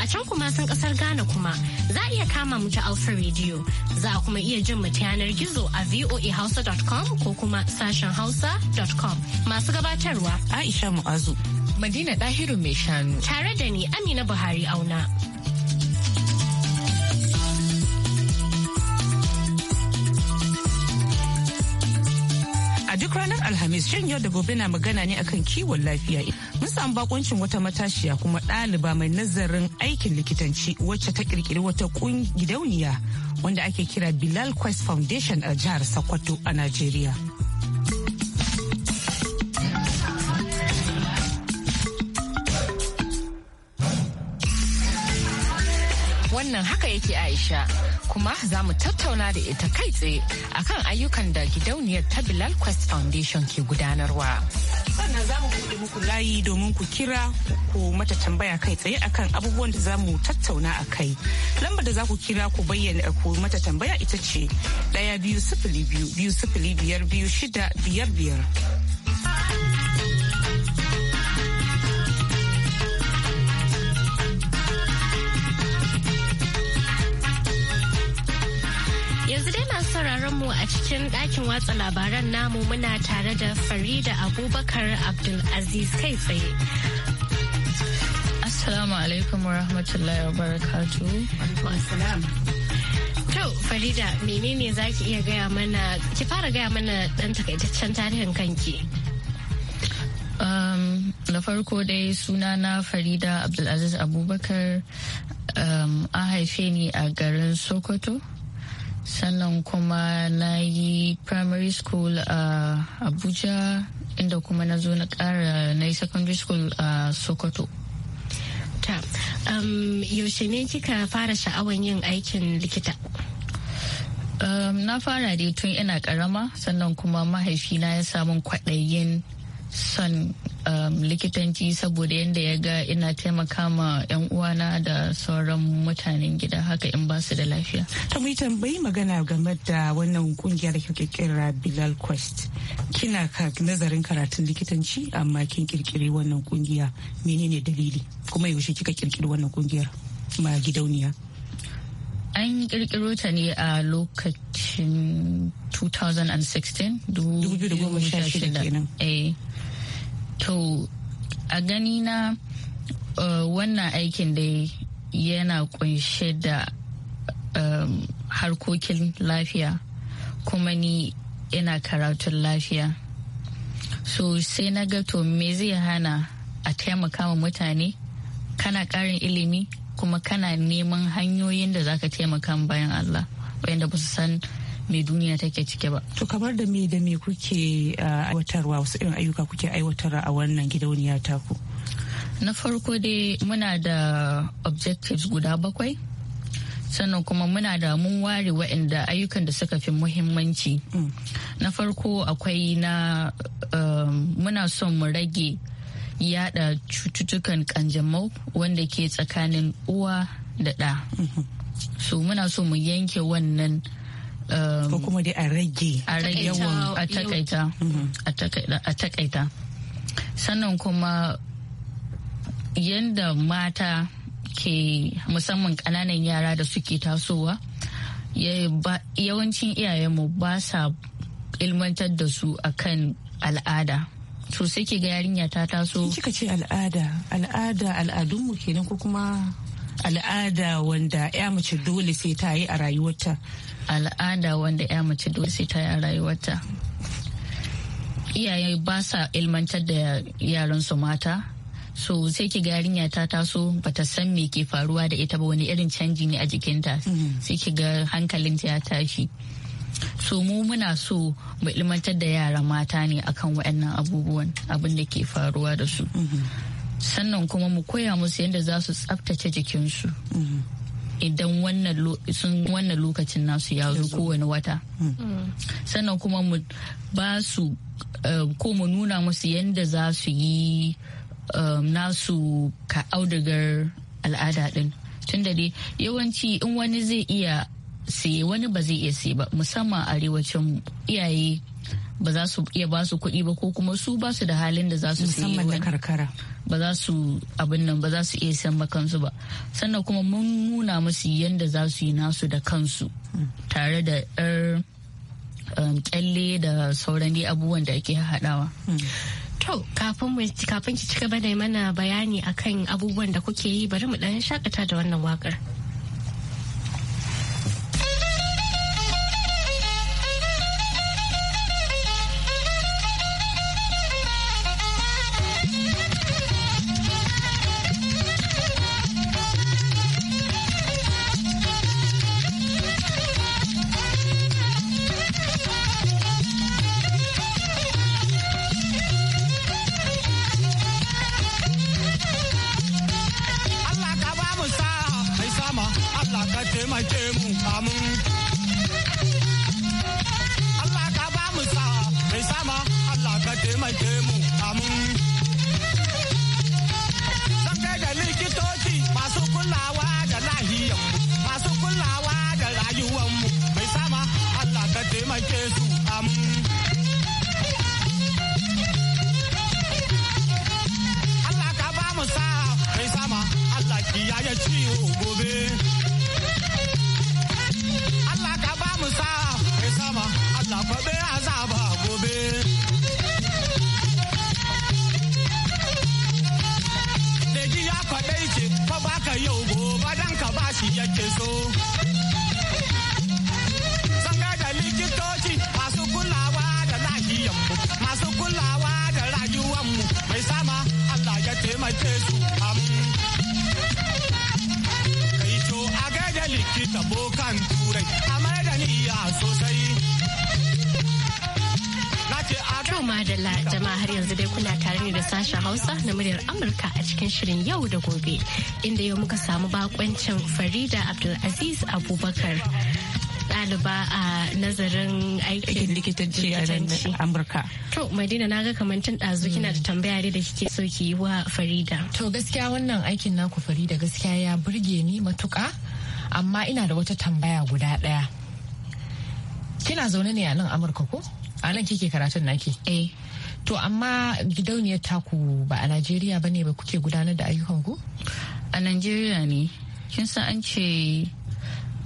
A can kuma sun kasar Ghana kuma za a iya kama mu ta Alpha Radio. Za a kuma iya jin mu ta yanar gizo a voahausa.com ko kuma sashen hausa.com. Masu gabatarwa Aisha Mu'azu. Madina Dahiru mai shanu. Tare da ni Amina Buhari auna. duk ranar Alhamis shan yau da gobe na magana ne akan kiwon lafiya. Mun samu bakuncin wata matashiya kuma ɗaliba mai nazarin aikin likitanci wacce ta kirkiri wata gidauniya wanda ake kira Bilal Quest Foundation a jihar Sokoto a Najeriya. Wannan haka yake Aisha. kuma za mu tattauna da ita kai tsaye akan ayyukan da gidauniyar ta Bilal Quest Foundation ke gudanarwa. Sannan za mu buɗe muku layi domin ku kira ku mata tambaya kai tsaye akan abubuwan da za mu tattauna a kai. Lambar da za ku kira ku bayyana ku mata tambaya ita ce ɗaya biyu sifili biyu biyu sifili biyar biyu shida biyar biyar. cikin ɗakin watsa labaran namu muna tare da Farida Abubakar Abdulaziz kai tsaye. Assalamu alaikum wa rahmatullahi wa barakatu. To Farida menene za ki iya gaya mana ki fara gaya mana ɗan takaitaccen tarihin kanki. Um, Na farko dai suna na Farida Abdulaziz Abubakar um, an haife ni a garin Sokoto. sannan kuma na yi primary school a abuja inda kuma na zo na ƙara na yi secondary school a sokoto ta um, yaushe ne kika fara sha'awan yin aikin likita um, na fara dai tun ina karama sannan kuma mahaifina ya samun kwaɗayin son um, likitanci saboda yadda ya ga ina taimaka ma 'yan uwana da sauran mutanen gida haka in ba su da lafiya. Ta mu tambayi magana game da wannan kungiyar da kirkira Bilal Quest. Kina ka nazarin karatun likitanci amma kin kirkiri wannan kungiya menene dalili kuma yaushe kika kirkiri wannan kungiyar ma gidauniya. an kirkiro ta ne a lokacin 2016 2016 eh to a gani na uh, wannan aikin dai yana kunshe da um, harkokin lafiya kuma ni ina karatun lafiya so sai na ga to me zai hana a taimaka wa mutane kana karin ilimi kuma kana neman hanyoyin da zaka taimaka bayan Allah wayanda ba su san me duniya take cike ba. To kamar da me da me kuke uh, aiwatarwa wasu irin ayyuka kuke aiwatarwa a wannan gidauniya taku? Na farko dai muna da objectives guda bakwai. sannan kuma muna da mun ware waɗanda ayyukan da suka fi muhimmanci mm. na farko akwai na um, muna son mu rage yada cututtukan kanjamau wanda ke tsakanin uwa da ɗa mm-hmm. so muna so mu yanke wannan Um, ko kuma dai a rage a rage yawan a takaita mhm. takaita sannan kuma yadda mata ke musamman kananan yara da suke tasowa yawancin iyayenmu ba sa ilmantar da su kan al'ada to ke ga yarinya ta taso kika ce al'ada al'ada al'adunmu kenan ko kuma al'ada wanda ya mace dole sai ta yi a rayuwarta al'ada wanda ya mace dole sai ta yi a rayuwarta iyaye ba sa ilmantar da yaransu mata so sai ki ga yarinya ta taso bata san me ke faruwa da ita ba wani irin canji ne a jikinta mm-hmm. sai ki ga hankalinta ya tashi so mu muna so mu ilmantar da yara mata ne akan waɗannan abubuwan abin da ke faruwa da su mm-hmm. sannan kuma mu koya musu yadda za su tsaftace jikinsu idan wannan lokacin nasu ya zo kowane wata sannan kuma mu ba su eh, ko mu nuna musu yadda za su yi eh, nasu ka audigar al'ada din tun da yawanci in wani zai iya sai wani ba zai iya sai ba musamman arewacin iyaye ba za su iya ba su kuɗi ba ko kuma su ba su da halin da za su musamman da karkara ba za su abin nan ba za su iya san makansu ba sannan kuma mun nuna musu yadda za su yi nasu da kansu tare da yar kyalle um, da sauran dai abubuwan da ake haɗawa. To, kafin ki ci gaba da mana bayani akan abubuwan da kuke yi bari mu ɗan shakata da wannan wakar. shi yake Sanga da likitoci masu kulawa da lahiyanmu, masu kulawa da mai sama Allah ya taimake su Kai to likita bokan. sashen Hausa na muryar Amurka a cikin shirin yau da gobe inda yau muka samu bakoncin Farida Abdulaziz Abubakar. ɗaliba a nazarin aikin likitanci a Amurka. To, Madina na ga kamantin ɗazu kina da tambaya dai da kike so ki yi wa Farida. To, gaskiya wannan aikin naku Farida gaskiya ya burge ni matuƙa, amma ina da wata tambaya guda ɗaya. Kina zaune ne a nan Amurka ko? A nan kike karatun naki? Eh. To amma gidauniyar taku ba a Najeriya ba ne ba kuke gudanar da ayyukan ku? A Najeriya ne. Kin san an ce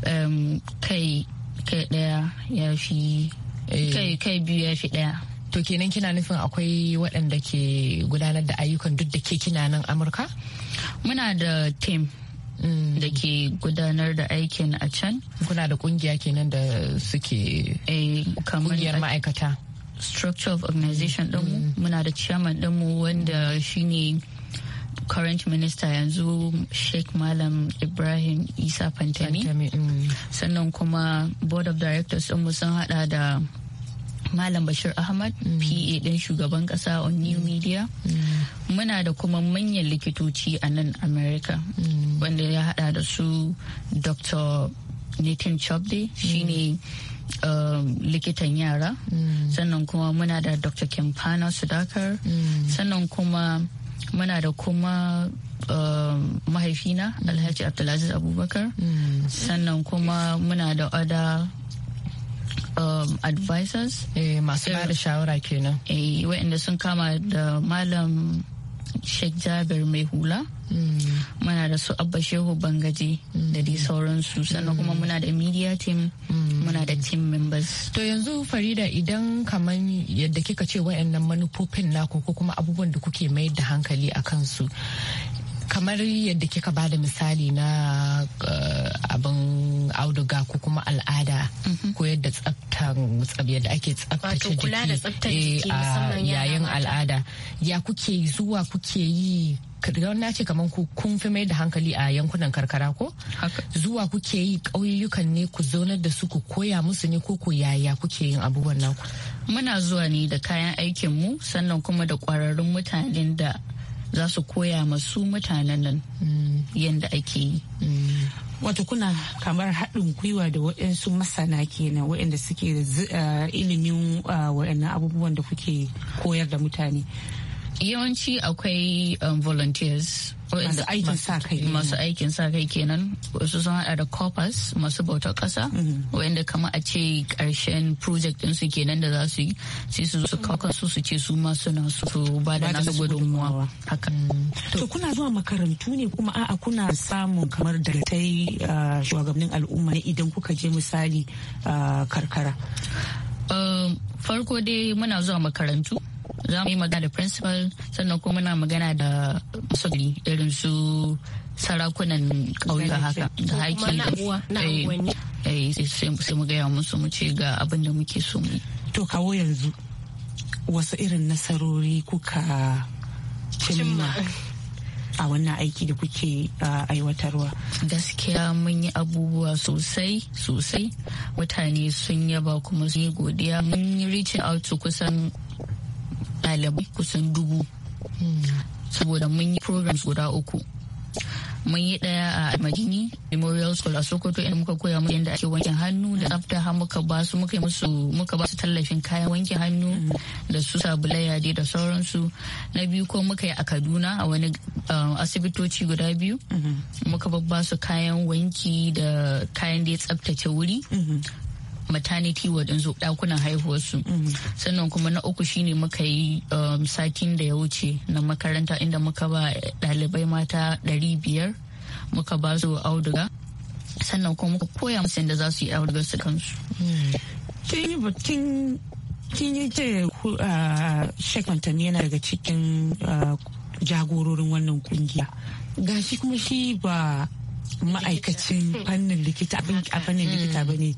um, kai kai daya ya fi eh. kai kai biyu ya fi daya. To kenan kina nufin akwai waɗanda ke gudanar da ayyukan duk da ke kina nan Amurka? Muna da Tim. Mm. da ke gudanar da aikin a can. Kuna da kungiya kenan da suke eh, kungiyar ma'aikata. structure of organization dinmu mm. muna da chairman mu wanda shine current minister yanzu sheikh malam ibrahim isa fantani mm. sannan kuma board of directors mu sun hada da malam bashir ahmad mm. pa din shugaban kasa on new media muna da kuma manyan likitoci a nan america wanda ya hada da su dr Nathan Chobley Shi ne um, likitan yara mm. sannan kuma muna da dr Kempana sudakar mm. sannan kuma muna da kuma um, mahaifina mm. alhaji abdulaziz abubakar sannan kuma muna da oda um, advisors eh, masu da shawara kenan eh, waɗanda sun kama da malam Sheikh Jabir mai hula mm. muna da su Abba Shehu Bangaji da dai mm. sauransu sannan kuma muna da media team mm. muna da team members to yanzu Farida idan kamar yadda kika ce wa'annan manufofin naku ko kuma abubuwan da kuke mayar da hankali a kansu kamar yadda kika ba da misali na eh, abin auduga ko kuma al'ada mhm. ko yadda tsaftan yadda ake tsaftace jiki eh, yayin al'ada ya kuke zuwa kuke yi na ce kamar ku kun fi mai da hankali a yankunan karkara ko zuwa kuke yi ƙauyukan ne ku zaunar da su ku koya musu ne ko ku yaya kuke yin abubuwan naku muna zuwa ne da kayan aikin mu sannan kuma da kwararrun mutanen da za su koya masu mutanen nan yadda ake yi wato kuna kamar haɗin gwiwa da waɗansu masana kenan waɗanda suke da eh, ilimin eh, waɗannan abubuwan da kuke koyar da mutane yawanci akwai um, volunteers masu aikin sa kai kenan wasu sun hada da corpus masu bautar kasa mm-hmm. wanda kama a ce karshen project din su kenan da za su yi sai su su kawo su su ce su ma suna su ba da nasu gudunmuwa hakan. to kuna zuwa makarantu ne kuma a'a kuna samun kamar da yi uh, shugabannin al'umma ne idan kuka je misali uh, karkara um, farko dai muna zuwa makarantu za mu yi magana da principal sannan kuma muna magana da masu irin su sarakunan ƙauyuka haka da haiki eh, eh, sai mu gaya musu mu ce ga abin da muke so mu to kawo yanzu wasu irin nasarori kuka cimma a wannan aiki da kuke ah, aiwatarwa gaskiya mun yi abubuwa sosai sosai mutane sun yaba kuma sun yi godiya mun yi reaching out to kusan ɗalibai kusan dubu saboda mun yi programs guda uku mun yi ɗaya a majini Memorial School a Sokoto inda muka koya mu yadda ake wankin hannu da tsafta har muka ba su muka musu muka ba su tallafin kayan wankin hannu da su sabulaya da sauransu na biyu ko muka yi a Kaduna a wani asibitoci guda biyu muka babba su kayan wanki da kayan da ya tsaftace wuri maternity ward din dakunan haihuwarsu mhm. sannan kuma na uku shine muka yi um, satin da ya wuce na makaranta inda muka ba ɗalibai mata ɗari biyar muka ba su auduga sannan kuma muka koya musu yadda za su yi auduga su kansu hmm. kin yi ce shekwantani yana daga cikin jagororin wannan kungiya gashi kuma shi ba ma'aikacin fannin hmm. fannin likita hmm. ba ne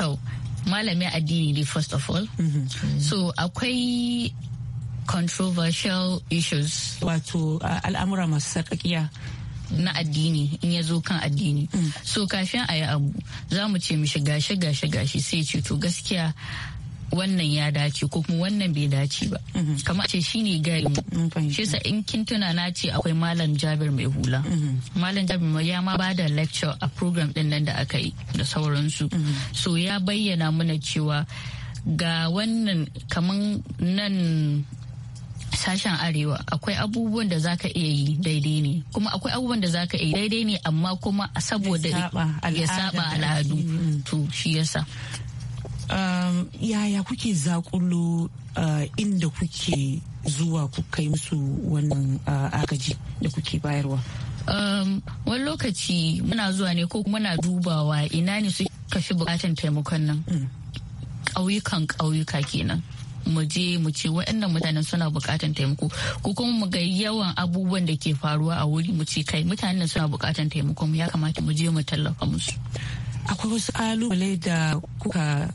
tau malamin addini ne first of all mm-hmm. so akwai controversial issues wato al'amura masu sarkakiya. na addini in ya zo kan addini mm. so kafin a yi abu za mu ce mishi gashi gashi gashi sai ce to gaskiya wannan ya dace ko kuma wannan bai dace ba mhm. kamar ce shine gari shi sa in kin tuna na ce akwai malam Jabir mai hula mhm. malam Jabir ya ma ba da lecture a program din nan da aka yi da sauransu mhm. so ya bayyana mana cewa ga wannan kamar nan sashen arewa akwai abubuwan da zaka iya yi daidai ne kuma akwai abubuwan da zaka iya daidai ne amma kuma saboda ya saba al'adu to shi yasa Um, yaya kuke zakulo uh, inda kuke zuwa ku kai musu wannan uh, agaji da kuke bayarwa um, wani lokaci muna zuwa ne ko muna dubawa ina ne su bukatan taimakon nan mm. ƙauyukan ƙauyuka kenan mu je mu ce waɗannan mutanen suna buƙatar taimako ko kuma mu ga yawan abubuwan da ke faruwa a wuri mu ce kai mutanen suna buƙatar taimako ya kamata mu je mu tallafa musu akwai wasu kalubale da kuka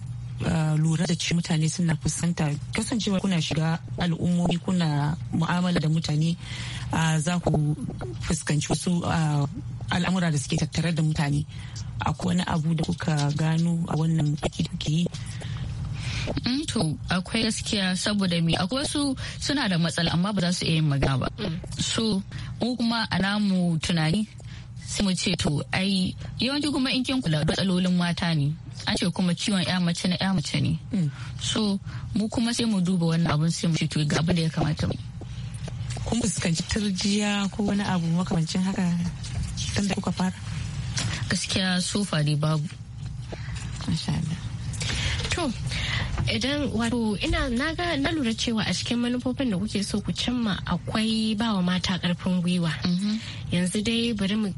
lura da cewa mutane suna fuskanta kasancewa kuna shiga al'ummomi kuna mu'amala da mutane za ku fuskanci wasu al'amura da suke tattare da mutane akwai wani abu da kuka gano a wannan da kuke yi mm, to akwai gaskiya saboda mi akwai su suna da matsala amma ba za su iya yin magana ba mm. so mu kuma a namu tunani sai mu ce to ai yawanci kuma in kin kula matsalolin mata ne an ce kuma ciwon ya mace na ya mace ne hmm. so mu kuma sai mu duba wannan abun sai mu to ga abin da ya kamata mu kun fuskanci turjiya ko wani abu makamancin haka tun da kuka fara gaskiya sofa dai babu to idan wato ina naga na lura cewa a cikin manufofin da kuke so ku cimma akwai bawa mata karfin gwiwa mm-hmm. yanzu dai bari mu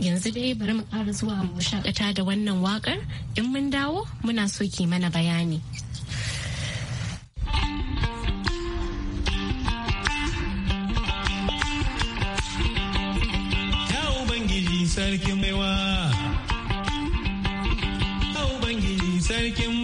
yanzu dai bari mu ƙara zuwa mu shakata da wannan wakar in mun dawo muna so ki mana bayani sarkin baiwa sarkin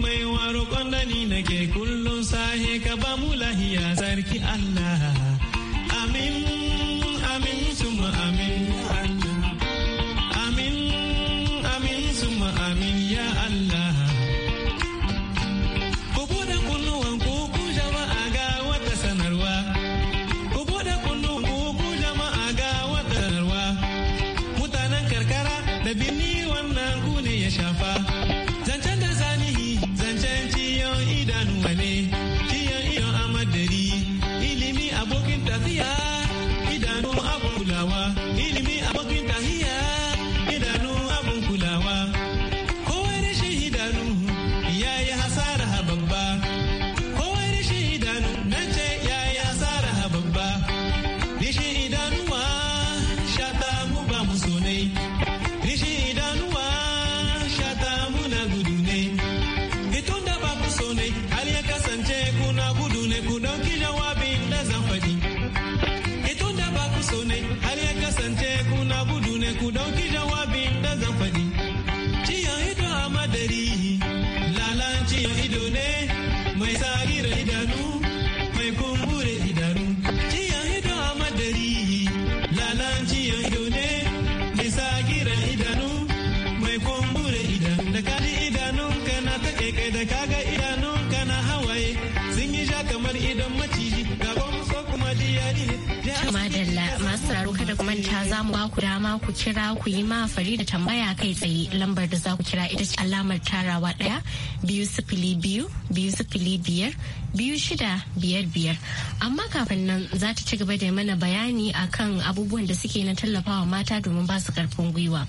ma ku kira ku yi ma fari da tambaya kai tsaye lambar da za ku kira ita ce alamar tarawa ɗaya biyu sifili biyu biyu sifili biyar biyu shida biyar biyar amma kafin nan za ta ci gaba da mana bayani akan abubuwan da suke na tallafawa mata domin ba su karfin gwiwa.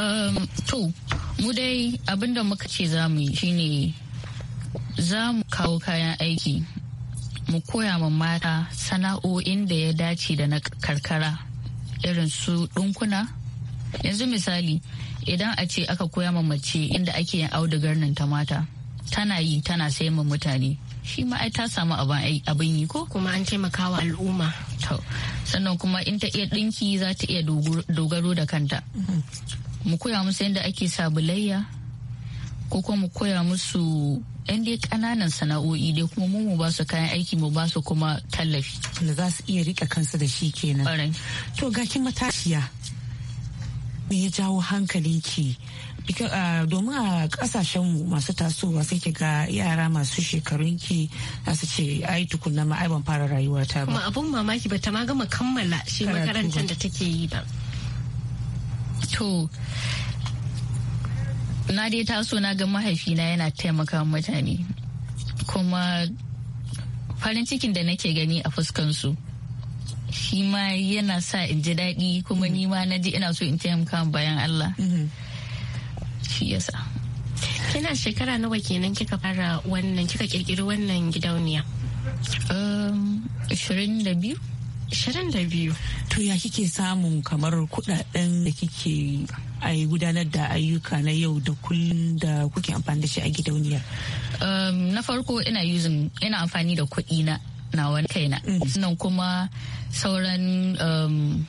Um, to, mu dai abin da muka ce za mu yi shine za mu kawo kayan aiki mu koya ma mata sana'o'in da ya dace da na karkara irin su ɗunkuna yanzu misali idan a ce aka koya ma mace inda ake yin audugar nan ta mata tana yi tana sayan ma mutane shi ma ai ta samu abin yi ko kuma an taimakawa al'umma sannan kuma in ta iya ɗinki za ta iya dogaro da kanta mhm. mu koya musu yadda ake sabulayya ko kuma mu koya musu 'yan dai kananan sana'o'i dai kuma mu mu ba kayan aiki mu basu kuma tallafi. Da za su iya rika kansu da shi kenan. To ga kin matashiya. Me ya jawo ki? domin a kasashen masu tasowa sai ki ga yara masu shekarun ki za su ce ai tukunna ma ai ban fara rayuwa ta ba. abun mamaki ba ta ma gama kammala shi makarantar da take yi ba. To na dai taso na ga mahaifina yana taimaka mutane kuma farin cikin da nake gani a fuskansu shi ma yana sa in ji daɗi kuma ni ma na ji ina so in taimaka bayan Allah mm-hmm. shi yasa kina shekara nawa kenan kika fara wannan kika kirkiri wannan gidauniya um, 22. To ya kike samun kamar kudaden da kike a gudanar da ayyuka na yau da kullum da kuke amfani da shi a gidauniya? Um, na farko ina using ina amfani da kuɗi na na wani kaina. Mm. Sannan kuma sauran um,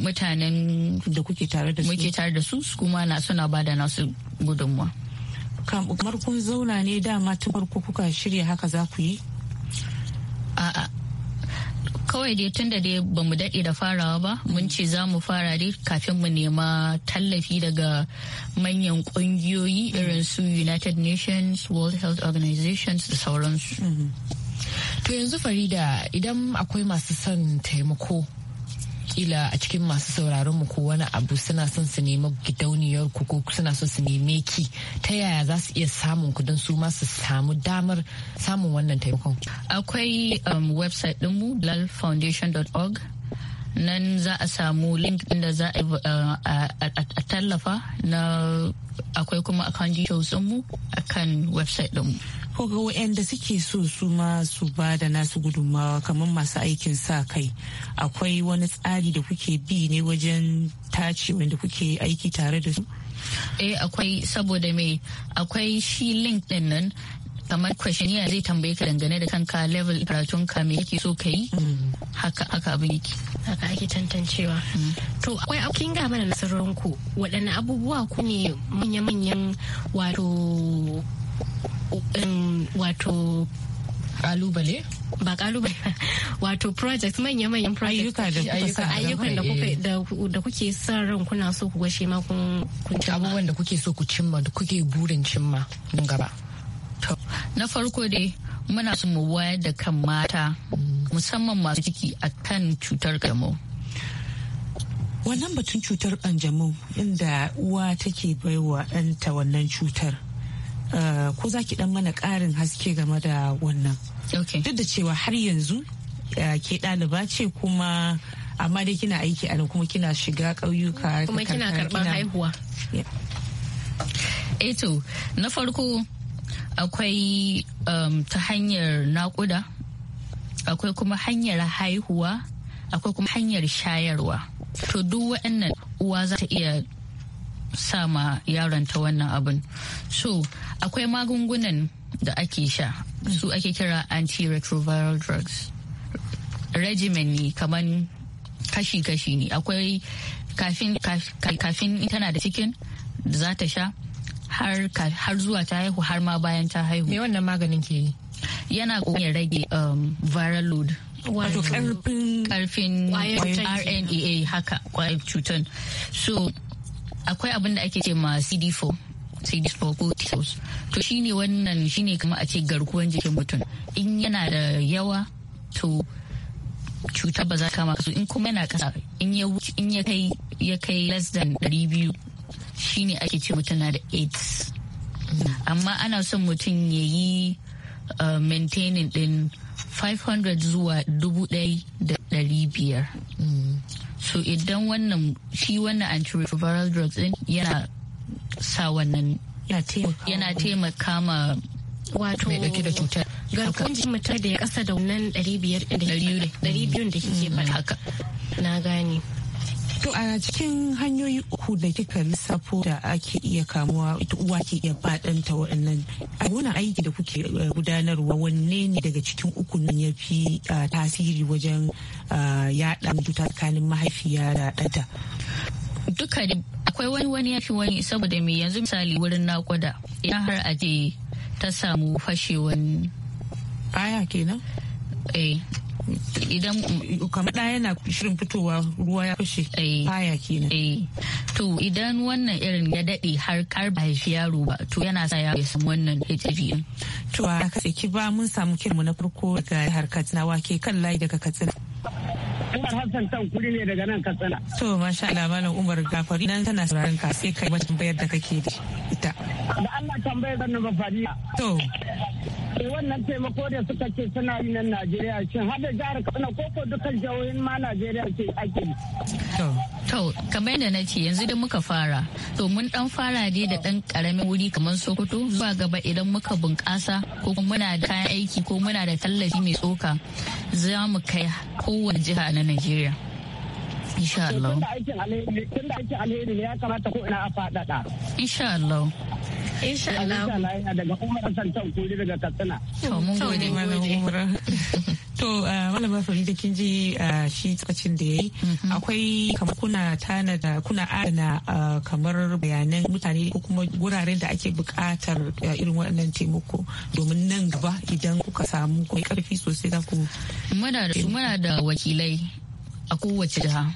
mutanen da kuke tare da su muke tare da su kuma na suna bada nasu gudunmuwa. kamar kun zauna ne dama tun farko kuka shirya haka za ku yi? A'a. kawai dai tun da dai ba mu daɗe da farawa ba mun ce za mu fara dai kafin mu nema tallafi daga manyan ƙungiyoyi irin su united nations world health organizations da sauransu mm-hmm. to yanzu farida idan akwai masu son taimako kila a cikin masu sauraron mu ko wani abu suna son su nemi gidauniyar ku ko suna son su neme ki ta yaya za su iya samun ku don su ma su samu damar samun wannan taimakon akwai um, website dinmu lalfoundation.org nan za a samu link din da za uh, a tallafa na akwai kuma account details mu akan website dinmu ko ga waɗanda suke so su ma su ba da nasu gudunmawa kamar masu aikin sa kai akwai wani tsari da kuke bi ne wajen tace wanda kuke aiki tare da su eh akwai saboda me akwai shi link din nan kamar kwashiniya zai tambaye ka dangane da kanka level karatun ka me yake so ka yi mm. haka haka abin yake haka ake tantancewa mm. to akwai kin ga mana nasarorin ku waɗanne abubuwa ku ne manya-manyan wato Um, wato kalubale ba kalubale wato project manya-manyan project ayyukan da eh. kuke son ran kuna so ku gwashe ma kun abubuwan da kuke so ku cimma da kuke burin cimma nan gaba na farko dai muna so mu wayar da kan mata musamman masu ciki akan cutar kanjamau wannan batun cutar kanjamau inda uwa take baiwa ɗanta wannan cutar Eh, ko za ki dan mana ƙarin haske game da wannan duk da cewa har yanzu eh, ke ɗaliba ce kuma amma dai kina aiki a kuma kina shiga ƙauyuka kuma kina karɓar haihuwa eto eh na farko akwai um, ta hanyar naƙuda akwai kuma hanyar haihuwa akwai kuma hanyar shayarwa to duk waɗannan uwa za ta iya sama yaronta wannan abin so akwai magungunan da ake sha su ake kira antiretroviral drugs regimen ne kamar kashi-kashi ne akwai kafin tana da cikin za ta sha har, zuwa ta haihu har ma bayan ta haihu me wannan maganin ke yi yana ya rage um, viral load wato karfin rna haka kwayar cutar so akwai abin da ake ce ma CD4 CD4 ko T to shine wannan shine kuma a ce garkuwan jikin mutum in yana da yawa to cuta ba za kama su in kuma yana kasa in ya in ya kai ya kai less than 200 shine ake ce mutum na da AIDS amma ana son mutum ya yi uh, maintaining din 500 zuwa 1500 so idan wannan shi wannan antiretroviral drugs din yana sa wannan yana taimaka ma wato mai dauke da cutar garkuwar jikin mutum da ya kasa da wannan 500 da kike mm, faɗa na gani To a cikin hanyoyi uku da kika lissafo da ake iya kamuwa ita uwa ke iya baɗanta waɗannan a wani aiki da kuke eh, gudanarwa wanne ne daga cikin uku nan ya fi tasiri wajen yaɗa cuta tsakanin mahaifiya da ɗanta. Duka akwai wani wani ya fi wani saboda mai yanzu misali wurin nakuda idan har aje ta samu fashewan. Baya kenan? Eh idan kamar da yana shirin fitowa ruwa ya fashe eh. baya kenan eh. to idan wannan irin ya dade har kar ba shi yaro ba to yana sa ya samu wannan HIV to a ka ki ba mun samu kirmu na farko daga har Katsina wake kan layi daga Katsina Umar Hassan tan kuri ne daga nan Katsina to masha Allah malam Umar Gafari nan tana sauraron ka sai kai wata tambayar da kake da ita da Allah tambayar da ba fadiya to Eh, wannan taimako da suka ce suna yi nan Najeriya shin har jihar Kano ko ko dukkan jihohin ma Najeriya ce ake yi. To, kamar yadda na ce yanzu da muka fara, to mun dan fara ne da dan karamin wuri kamar Sokoto zuwa gaba idan muka bunƙasa ko muna da kayan aiki ko muna da tallafi mai tsoka za mu kai kowane jiha na Najeriya. Insha Allah. Tun da aikin alheri ne ya kamata ko ina a faɗaɗa. Insha Allah. Insha Allah. Daga Umar Hassan Tau Kuri daga Katsina. To mun gode mana Umar. To uh, malama Farida kin ji uh, shi tsakacin da ya yi. Mm-hmm. akwai kamar kuna tana da kuna adana uh, kamar bayanan mutane ko kuma wuraren da ake buƙatar irin waɗannan taimako domin nan gaba idan kuka samu kuma karfi sosai za ku muna da muna da wakilai a kowace jiha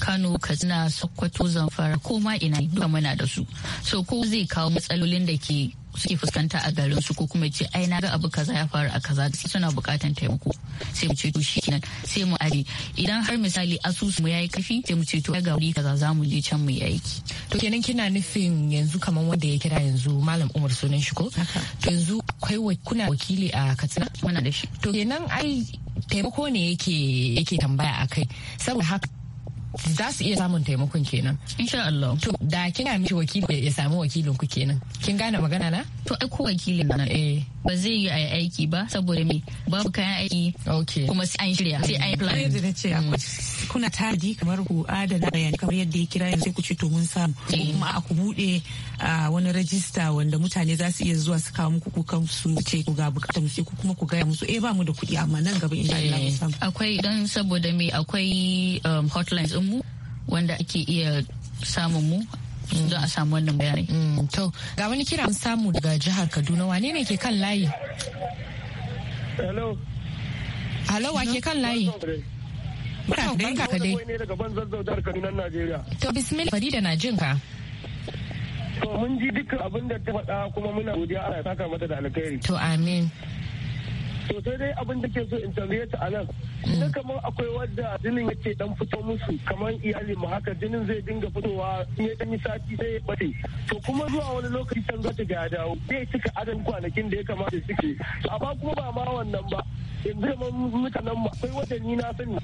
kano katsina sokoto zamfara ko ma ina duka muna da su so ko zai kawo matsalolin da ke suke fuskanta a garin su ko kuma ce ai na ga abu kaza ya faru a kaza suna bukatan taimako sai mu ce to shikenan sai mu are idan har misali asusu mu yayi kafi sai mu ce to ga wuri kaza za mu je can mu yi aiki to kenan kina nufin yanzu kaman wanda ya kira yanzu malam Umar sunan shi ko to yanzu kai kuna wakili a Katsina muna da shi to kenan ai taimako ne yake yake tambaya kai. saboda haka za su iya samun taimakon kenan. Insha Allah. To da ga miki wakili ya samu wakilin ku kenan. Kin gane magana na? To ai ko wakilin na eh ba zai yi aiki ba saboda me babu kayan aiki. Okay. Kuma sai an shirya sai ai plan. kuna tadi kamar ku adana bayanai kamar yadda ya kira yanzu sai ku ci to mun samu eh. kuma a ku bude wani rajista wanda mutane za su iya zuwa su kawo muku kan su ce ku ga bukatar sai ku kuma ku gaya musu eh ba mu da kuɗi amma nan gaba insha Allah mu eh. samu akwai dan saboda me akwai um, hotlines din mu wanda ake iya samun mu don a samu wannan bayanai mm, to ga wani kira samu daga jihar Kaduna wane ne ke kan layi hello hello wa ke kan layi Barka ban To bismillah Farida na jin ka. To mun ji dukkan abin da ta faɗa kuma muna godiya Allah ya saka mata da alkhairi. To amin. To sai dai abin da ke so in tambaye ta anan. Mm. Ina kamar akwai wadda jinin yake dan fito musu kamar iyali mu haka jinin zai dinga fitowa in ya dan sati sai ya bace. To kuma zuwa wani lokaci can za ta ga dawo zai cika adadin kwanakin da ya kamata suke. To amma kuma ba ma wannan ba. Yanzu mutanen mu akwai wadanni na sani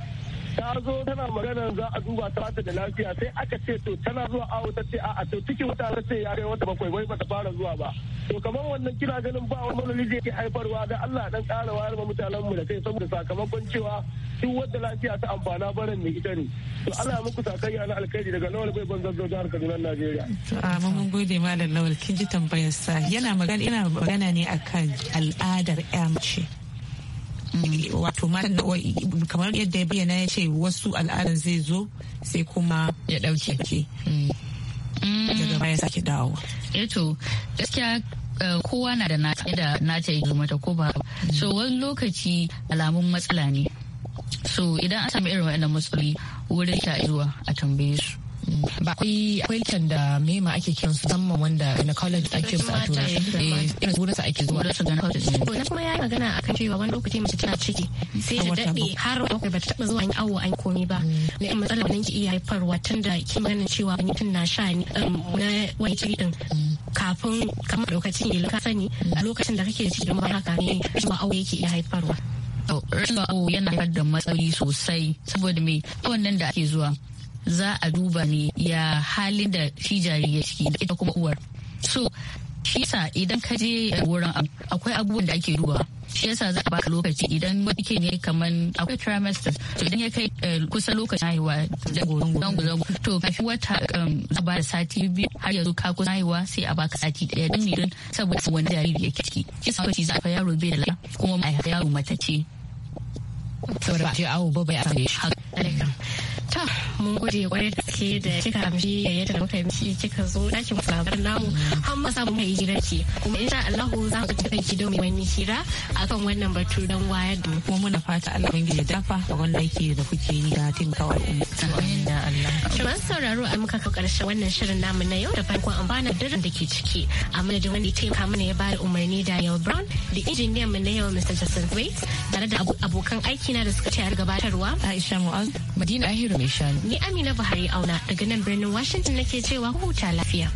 ta zo tana magana za a duba ta da lafiya sai aka ce to tana zuwa awo ta ce a'a to ciki wata ta ce ya kai wata bakwai wai bata fara zuwa ba to kamar wannan kina ganin ba wani malali zai ke haifarwa da Allah dan ƙara wayar ma mutanen mu da kai saboda sakamakon cewa duk wadda lafiya ta amfana barin ne ita ne to Allah muku sakayya na alkhairi daga lawal bai ban zazzau jihar Kaduna Najeriya to amma mun gode malam lawal kin ji tambayar sa yana magana yana magana ne akan al'adar ƴa wato matan kamar yadda ya bayyana ya ce wasu al'adan zai zo sai kuma ya dauke mm. daga baya sake dawo eto eh gaskiya eh, kowa na da nata nata yi mata ko ba so wani lokaci alamun matsala ne so idan an sami irin waɗannan matsaloli wurin ta zuwa a tambaye su ba akwai akwai likitan da mema ake kiran su musamman wanda gynecologist ake su a turai eh irin wurin sa ake zuwa su gynecologist to na kuma yayi magana akan cewa wani lokaci mace tana ciki sai ta dade har bakwai ba ta taba zuwa an yi awo an komi ba ne in matsalar nan ki iya haifarwa tun da ki magana cewa ni tun na sha ni um, na wani ciki din kafin kamar lokacin yi ka sani a lokacin da kake ciki don ba haka ne ba aure yake iya haifarwa rashin awo yana haifar da matsayi sosai saboda me wannan da ake zuwa za a duba ne ya halin da shi jariri ya ciki da ita kuma uwar so shi yasa idan ka je wurin akwai abubuwan da ake duba shi yasa za a baka lokaci idan wani ke ne kaman akwai trimesters to idan ya kai eh, kusa lokacin haihuwa zango zango to kafi wata um, za ba bada sati biyu har yanzu ka kusa haihuwa sai a baka sati daya don idan saboda wani jariri ya ciki shi yasa lokaci za a fa yaro bai da lafiya kuma ma yaro matace. Saboda ba a ce awo ba bai a shi. ta mun gode kwarai da suke da kika amshi yadda muka yi kika zo dakin labar namu har ma samu mai gidan ki kuma insha Allah za mu tafi kanki don wani hira akan wannan batu dan wayar da mu kuma muna fata Allah ya dafa da wanda yake da kuke yi da tin kawai Masu sauraro a muka karshen wannan shirin namu na yau da farko amfana dirin da ke ciki a madadin wanda ya taimaka mana ya bada umarni Daniel Brown da injiniyan mu na yau Mr. Justin Wait tare da abokan aiki na da suka tayar gabatarwa Aisha Mu'az Madina Ahiru mai shanu. Ni Amina Buhari Auna daga nan birnin Washington nake cewa huta lafiya.